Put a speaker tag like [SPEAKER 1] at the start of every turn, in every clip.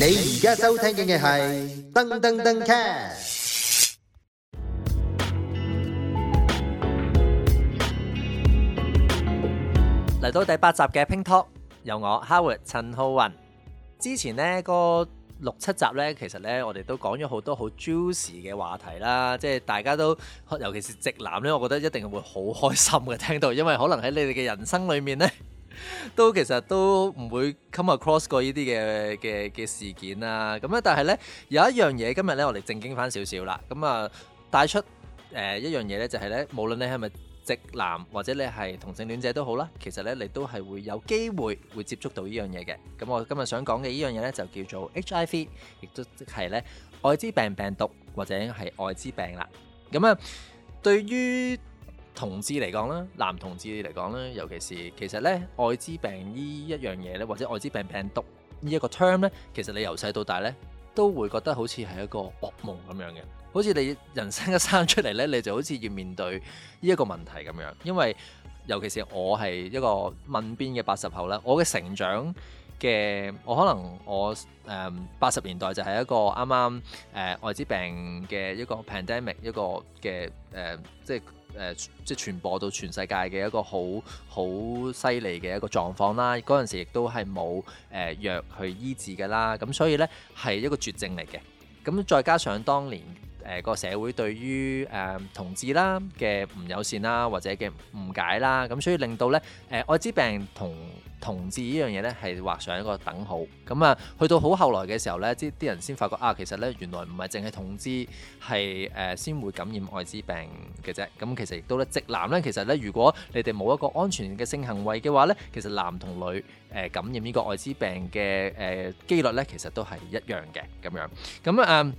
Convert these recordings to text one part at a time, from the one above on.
[SPEAKER 1] 你而家收聽嘅係噔噔噔 cast 嚟到第八集嘅 Ping Talk，由我 Howard 陳浩云。之前呢、呢個六七集呢，其實呢，我哋都講咗好多好 juicy 嘅話題啦，即係大家都尤其是直男呢，我覺得一定會好開心嘅聽到，因為可能喺你哋嘅人生裏面呢。都其實都唔會 come across 過呢啲嘅嘅嘅事件啦，啊，咁呢但係呢，有一樣嘢今日呢我哋正經翻少少啦，咁啊帶出誒、呃、一樣嘢呢，就係、是、呢，無論你係咪直男或者你係同性戀者都好啦，其實呢，你都係會有機會會接觸到呢樣嘢嘅，咁、嗯、我今日想講嘅呢樣嘢呢，就叫做 HIV，亦都即係呢，愛滋病病毒或者係愛滋病啦，咁、嗯、啊對於同志嚟講啦，男同志嚟講啦，尤其是其實呢，愛滋病呢一樣嘢呢，或者愛滋病病毒呢一個 term 呢，其實你由細到大呢，都會覺得好似係一個噩夢咁樣嘅，好似你人生一生出嚟呢，你就好似要面對呢一個問題咁樣，因為尤其是我係一個問邊嘅八十後啦，我嘅成長。嘅我可能我誒八十年代就係一個啱啱誒艾滋病嘅一個 pandemic 一個嘅誒、呃、即係誒、呃、即係傳播到全世界嘅一個好好犀利嘅一個狀況啦。嗰陣時亦都係冇誒藥去醫治㗎啦。咁所以呢係一個絕症嚟嘅。咁再加上當年，誒個社會對於誒同志啦嘅唔友善啦，或者嘅誤解啦，咁所以令到咧誒愛滋病同同志呢樣嘢咧係畫上一個等號。咁啊，去到好後來嘅時候咧，即係啲人先發覺啊，其實咧原來唔係淨係同志係誒先會感染愛滋病嘅啫。咁其實亦都咧，直男咧其實咧，如果你哋冇一個安全嘅性行為嘅話咧，其實男同女誒感染呢個愛滋病嘅誒機率咧，其實都係一樣嘅咁樣。咁啊～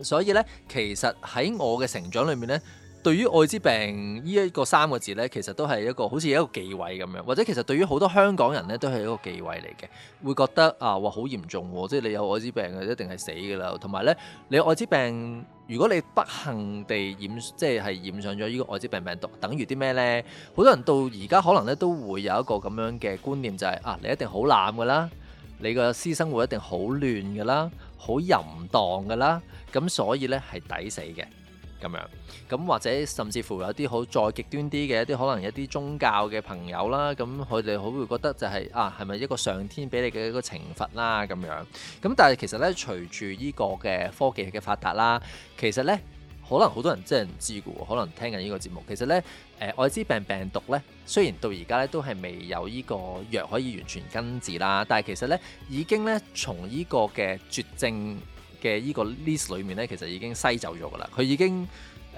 [SPEAKER 1] 所以咧，其實喺我嘅成長裏面咧，對於愛滋病呢一個三個字咧，其實都係一個好似一個忌諱咁樣，或者其實對於好多香港人咧，都係一個忌諱嚟嘅，會覺得啊，哇，好嚴重喎！即係你有愛滋病嘅一定係死噶啦，同埋咧，你愛滋病如果你不幸地染，即係染上咗呢個愛滋病病毒，等於啲咩咧？好多人到而家可能咧都會有一個咁樣嘅觀念，就係啊，你一定好濫噶啦，你個私生活一定好亂噶啦。好淫蕩㗎啦，咁所以呢係抵死嘅咁樣，咁或者甚至乎有啲好再極端啲嘅一啲可能一啲宗教嘅朋友啦，咁佢哋好會覺得就係、是、啊，係咪一個上天俾你嘅一個懲罰啦咁樣，咁但係其實呢，隨住呢個嘅科技嘅發達啦，其實呢。可能好多人真係唔知嘅喎，可能聽緊呢個節目。其實呢，誒愛滋病病毒呢，雖然到而家呢都係未有呢個藥可以完全根治啦，但係其實呢，已經呢，從呢個嘅絕症嘅呢個 list 裡面呢，其實已經篩走咗㗎啦。佢已經。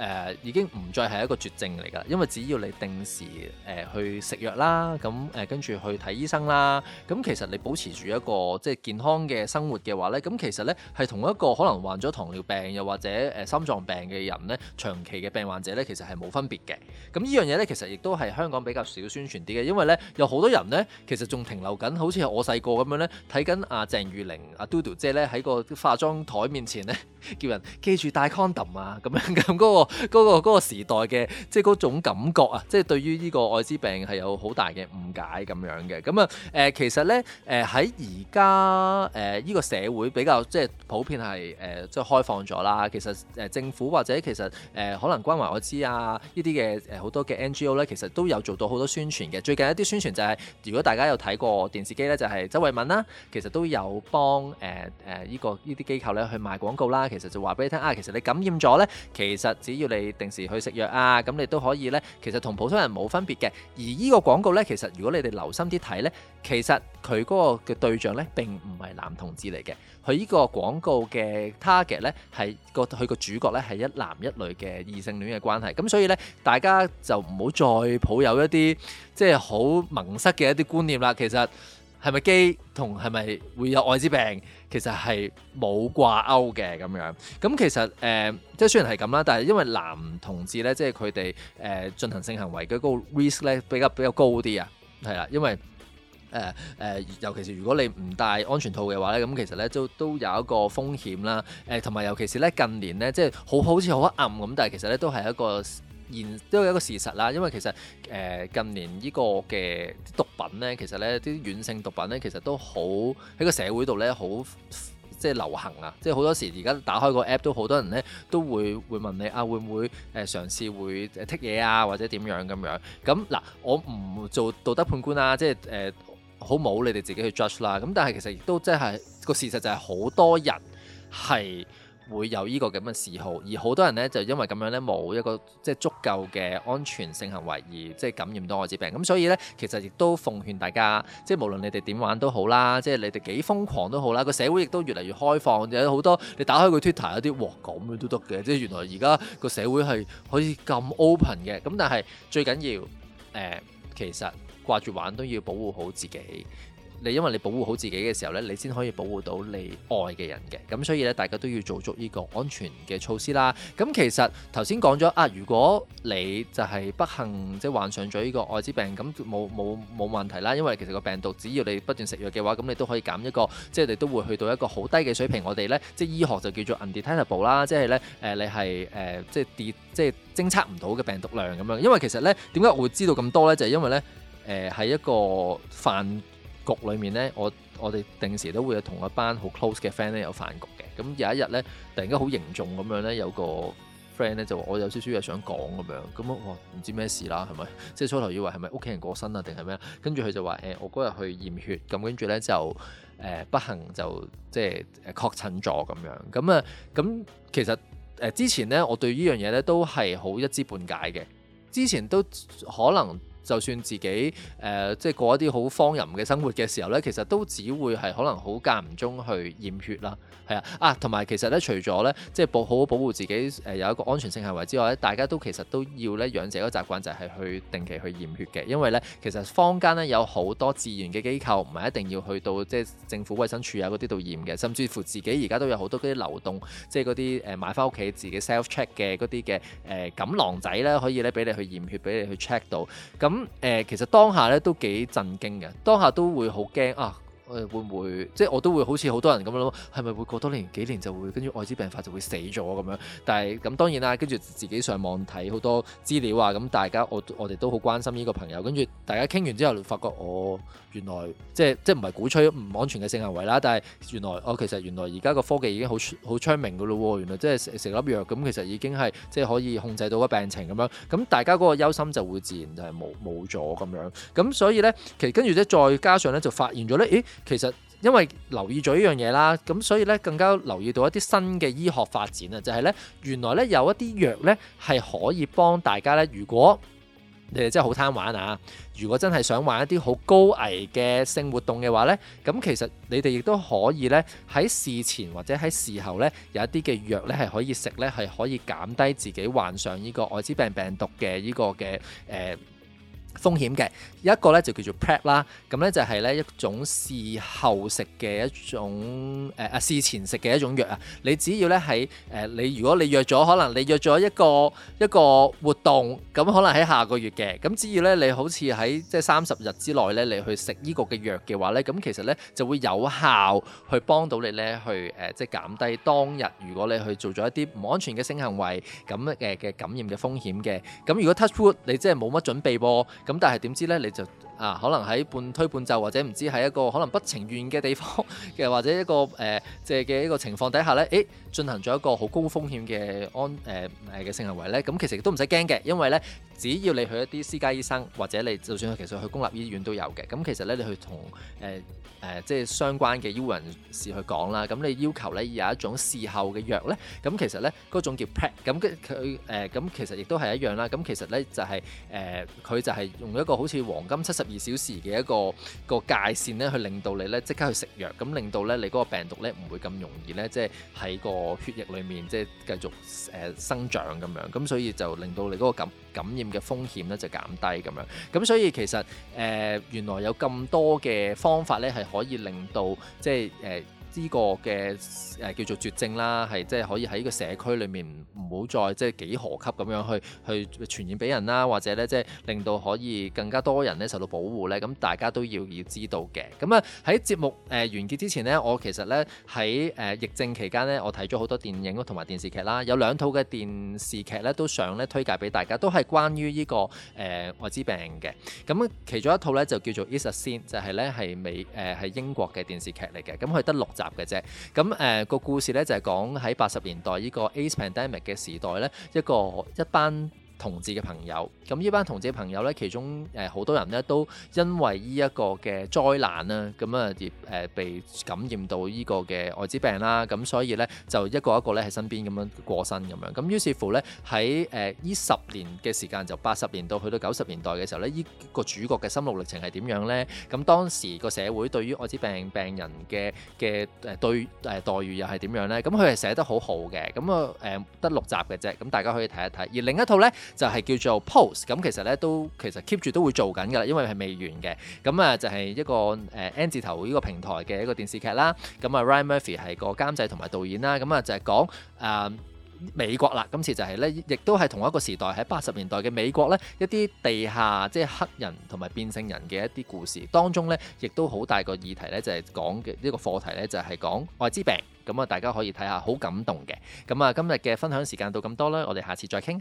[SPEAKER 1] 誒已經唔再係一個絕症嚟㗎，因為只要你定時誒去食藥啦，咁誒跟住去睇醫生啦，咁其實你保持住一個即係健康嘅生活嘅話咧，咁其實咧係同一個可能患咗糖尿病又或者誒心臟病嘅人咧，長期嘅病患者咧，其實係冇分別嘅。咁呢樣嘢咧，其實亦都係香港比較少宣傳啲嘅，因為咧有好多人咧，其實仲停留緊，好似我細個咁樣咧，睇緊阿鄭裕玲阿嘟嘟姐咧喺個化妝枱面前咧，叫人記住戴 condom 啊咁樣咁嗰個。嗰個嗰個時代嘅即係嗰種感覺啊，即係對於呢個愛滋病係有好大嘅誤解咁樣嘅。咁啊誒，其實咧誒喺而家誒呢個社會比較即係普遍係誒即係開放咗啦。其實誒政府或者其實誒可能關懷我知啊呢啲嘅誒好多嘅 NGO 咧，其實都有做到好多宣傳嘅。最近一啲宣傳就係如果大家有睇過電視機咧，就係周慧敏啦。其實都有幫誒誒呢個呢啲機構咧去賣廣告啦。其實就話俾你聽啊，其實你感染咗咧，其實。只要你定時去食藥啊，咁你都可以呢。其實同普通人冇分別嘅。而呢個廣告呢，其實如果你哋留心啲睇呢，其實佢嗰個嘅對象呢並唔係男同志嚟嘅。佢呢個廣告嘅 target 呢，係個佢個主角呢係一男一女嘅異性戀嘅關係。咁所以呢，大家就唔好再抱有一啲即係好矇塞嘅一啲觀念啦。其實。係咪基同係咪會有愛滋病？其實係冇掛鈎嘅咁樣。咁其實誒、呃，即係雖然係咁啦，但係因為男同志咧，即係佢哋誒進行性行為嗰個 risk 咧比較比較高啲啊。係啦，因為誒誒、呃，尤其是如果你唔戴安全套嘅話咧，咁其實咧都都有一個風險啦。誒，同埋尤其是咧近年咧，即係好好似好暗咁，但係其實咧都係一個。然都有一個事實啦，因為其實誒、呃、近年呢個嘅毒品咧，其實咧啲軟性毒品咧，其實都好喺個社會度咧好即係流行啊！即係好多時而家打開個 app 都好多人咧都會會問你啊，會唔會誒、呃、嘗試會剔嘢啊，或者點樣咁樣？咁嗱，我唔做道德判官啊，即係誒好冇你哋自己去 judge 啦。咁但係其實亦都即係個事實就係好多人係。會有呢個咁嘅嗜好，而好多人呢，就因為咁樣呢，冇一個即係足夠嘅安全性行為，而即係感染到艾滋病。咁所以呢，其實亦都奉勸大家，即係無論你哋點玩都好啦，即係你哋幾瘋狂都好啦。個社會亦都越嚟越開放，有好多你打開個 Twitter 有啲哇咁樣都得嘅，即係原來而家個社會係可以咁 open 嘅。咁但係最緊要誒、呃，其實掛住玩都要保護好自己。你因為你保護好自己嘅時候咧，你先可以保護到你愛嘅人嘅。咁所以咧，大家都要做足呢個安全嘅措施啦。咁其實頭先講咗啊，如果你就係不幸即係患上咗呢個愛滋病，咁冇冇冇問題啦。因為其實個病毒只要你不斷食藥嘅話，咁你都可以減一個，即係你都會去到一個好低嘅水平。我哋咧即係醫學就叫做 undetectable 啦，即係咧誒你係誒、呃、即係即係偵測唔到嘅病毒量咁樣。因為其實咧點解我會知道咁多咧，就係、是、因為咧誒喺一個犯。局裏面咧，我我哋定時都會有同一班好 close 嘅 friend 咧有飯局嘅。咁有一日咧，突然間好凝重咁樣咧，有個 friend 咧就我有少少嘢想講咁、欸呃呃、樣。咁我唔知咩事啦，係、呃、咪？即係初頭以為係咪屋企人過身啊，定係咩？跟住佢就話：誒，我嗰日去驗血，咁跟住咧就後，不幸就即係誒確診咗咁樣。咁啊，咁其實誒、呃、之前咧，我對呢樣嘢咧都係好一知半解嘅。之前都可能。就算自己誒、呃、即係過一啲好荒淫嘅生活嘅時候咧，其實都只會係可能好間唔中去驗血啦，係啊，啊同埋其實咧，除咗咧即係保好，好保護自己誒有一個安全性行為之外咧，大家都其實都要咧養成一個習慣，就係去定期去驗血嘅，因為咧其實坊間咧有好多志願嘅機構，唔係一定要去到即係政府衞生署啊嗰啲度驗嘅，甚至乎自己而家都有好多嗰啲流動即係嗰啲誒買翻屋企自己 self check 嘅嗰啲嘅誒錦囊仔啦，可以咧俾你去驗血，俾你去 check 到咁。嗯其實當下咧都幾震驚嘅，當下都會好驚啊！誒會唔會即係我都會好似好多人咁樣囉，係咪會過多年幾年就會跟住愛滋病發就會死咗咁樣？但係咁當然啦，跟住自己上網睇好多資料啊，咁大家我我哋都好關心呢個朋友，跟住大家傾完之後，發覺我、哦、原來即係即係唔係鼓吹唔安全嘅性行為啦，但係原來我、哦、其實原來而家個科技已經好好昌明㗎咯喎，原來即係食粒藥咁，其實已經係即係可以控制到個病情咁樣，咁大家嗰個憂心就會自然就係冇冇咗咁樣。咁所以咧，其實跟住咧，再加上咧，就發現咗咧，誒～其實因為留意咗呢樣嘢啦，咁所以咧更加留意到一啲新嘅醫學發展啊，就係咧原來咧有一啲藥咧係可以幫大家咧，如果你哋真係好貪玩啊，如果真係想玩一啲好高危嘅性活動嘅話咧，咁其實你哋亦都可以咧喺事前或者喺事後咧有一啲嘅藥咧係可以食咧係可以減低自己患上呢個艾滋病病毒嘅呢個嘅誒、呃風險嘅一個咧就叫做 prep 啦、啊，咁咧就係、是、咧一種事後食嘅一種誒啊、呃、事前食嘅一種藥啊。你只要咧喺誒你如果你約咗可能你約咗一個一個活動，咁可能喺下個月嘅，咁只要咧你好似喺即係三十日之內咧，你去食依個嘅藥嘅話咧，咁其實咧就會有效去幫到你咧去誒、呃、即係減低當日如果你去做咗一啲唔安全嘅性行為咁誒嘅感染嘅風險嘅。咁、啊、如果 touch wood 你即係冇乜準備噃。咁但係點知咧？你就。啊，可能喺半推半就或者唔知喺一個可能不情願嘅地方嘅，或者一個誒即係嘅一個情況底下咧，誒、欸、進行咗一個好高風險嘅安誒誒嘅性行為咧，咁其實亦都唔使驚嘅，因為咧只要你去一啲私家醫生或者你就算其實去公立醫院都有嘅，咁其實咧你去同誒誒即係相關嘅醫護人士去講啦，咁、啊嗯、你要求咧有一種事後嘅藥咧，咁其實咧嗰種叫 pad，咁佢誒咁其實亦都係一樣啦，咁、嗯、其實咧、呃、就係誒佢就係用一個好似黃金七十二小時嘅一個個界線咧，去令到你咧即刻去食藥，咁令到咧你嗰個病毒咧唔會咁容易咧，即係喺個血液裏面即係繼續誒、呃、生長咁樣，咁所以就令到你嗰個感感染嘅風險咧就減低咁樣，咁所以其實誒、呃、原來有咁多嘅方法咧，係可以令到即係誒。呃呢個嘅誒叫做絕症啦，係即係可以喺呢個社區裏面唔好再即係幾何級咁樣去去傳染俾人啦，或者咧即係令到可以更加多人咧受到保護咧，咁大家都要要知道嘅。咁啊喺節目誒完結之前呢，我其實咧喺誒疫症期間呢，我睇咗好多電影同埋電視劇啦，有兩套嘅電視劇咧都想咧推介俾大家，都係關於呢個誒艾滋病嘅。咁其中一套咧就叫做《It's a Sin》就係咧係美誒係英國嘅電視劇嚟嘅，咁佢得六集嘅啫，咁誒個故事咧就係講喺八十年代呢個 AIDS pandemic 嘅時代咧，一個一班。同志嘅朋友，咁呢班同志嘅朋友呢，其中誒好多人呢都因為呢一個嘅災難啦，咁啊誒被感染到呢個嘅艾滋病啦，咁所以呢，就一個一個咧喺身邊咁樣過身咁樣。咁於是乎呢，喺誒依十年嘅時間，就八十年到去到九十年代嘅時候呢，呢個主角嘅心路歷程係點樣呢？咁當時個社會對於艾滋病病人嘅嘅誒對待遇又係點樣呢？咁佢係寫得好好嘅，咁啊誒得六集嘅啫，咁大家可以睇一睇。而另一套呢。就係叫做 Pose，咁其實咧都其實 keep 住都會做緊噶，因為係未完嘅。咁、嗯、啊就係、是、一個誒、呃、N 字頭呢個平台嘅一個電視劇啦。咁、嗯、啊 Ryan Murphy 係個監製同埋導演啦。咁、嗯、啊就係、是、講誒、呃、美國啦。今次就係、是、咧，亦都係同一個時代喺八十年代嘅美國咧，一啲地下即係黑人同埋變性人嘅一啲故事。當中咧，亦都好大個議題咧，就係講嘅呢個課題咧，就係講愛滋病。咁、嗯、啊，大家可以睇下，好感動嘅。咁、嗯、啊，今日嘅分享時間到咁多啦，我哋下次再傾。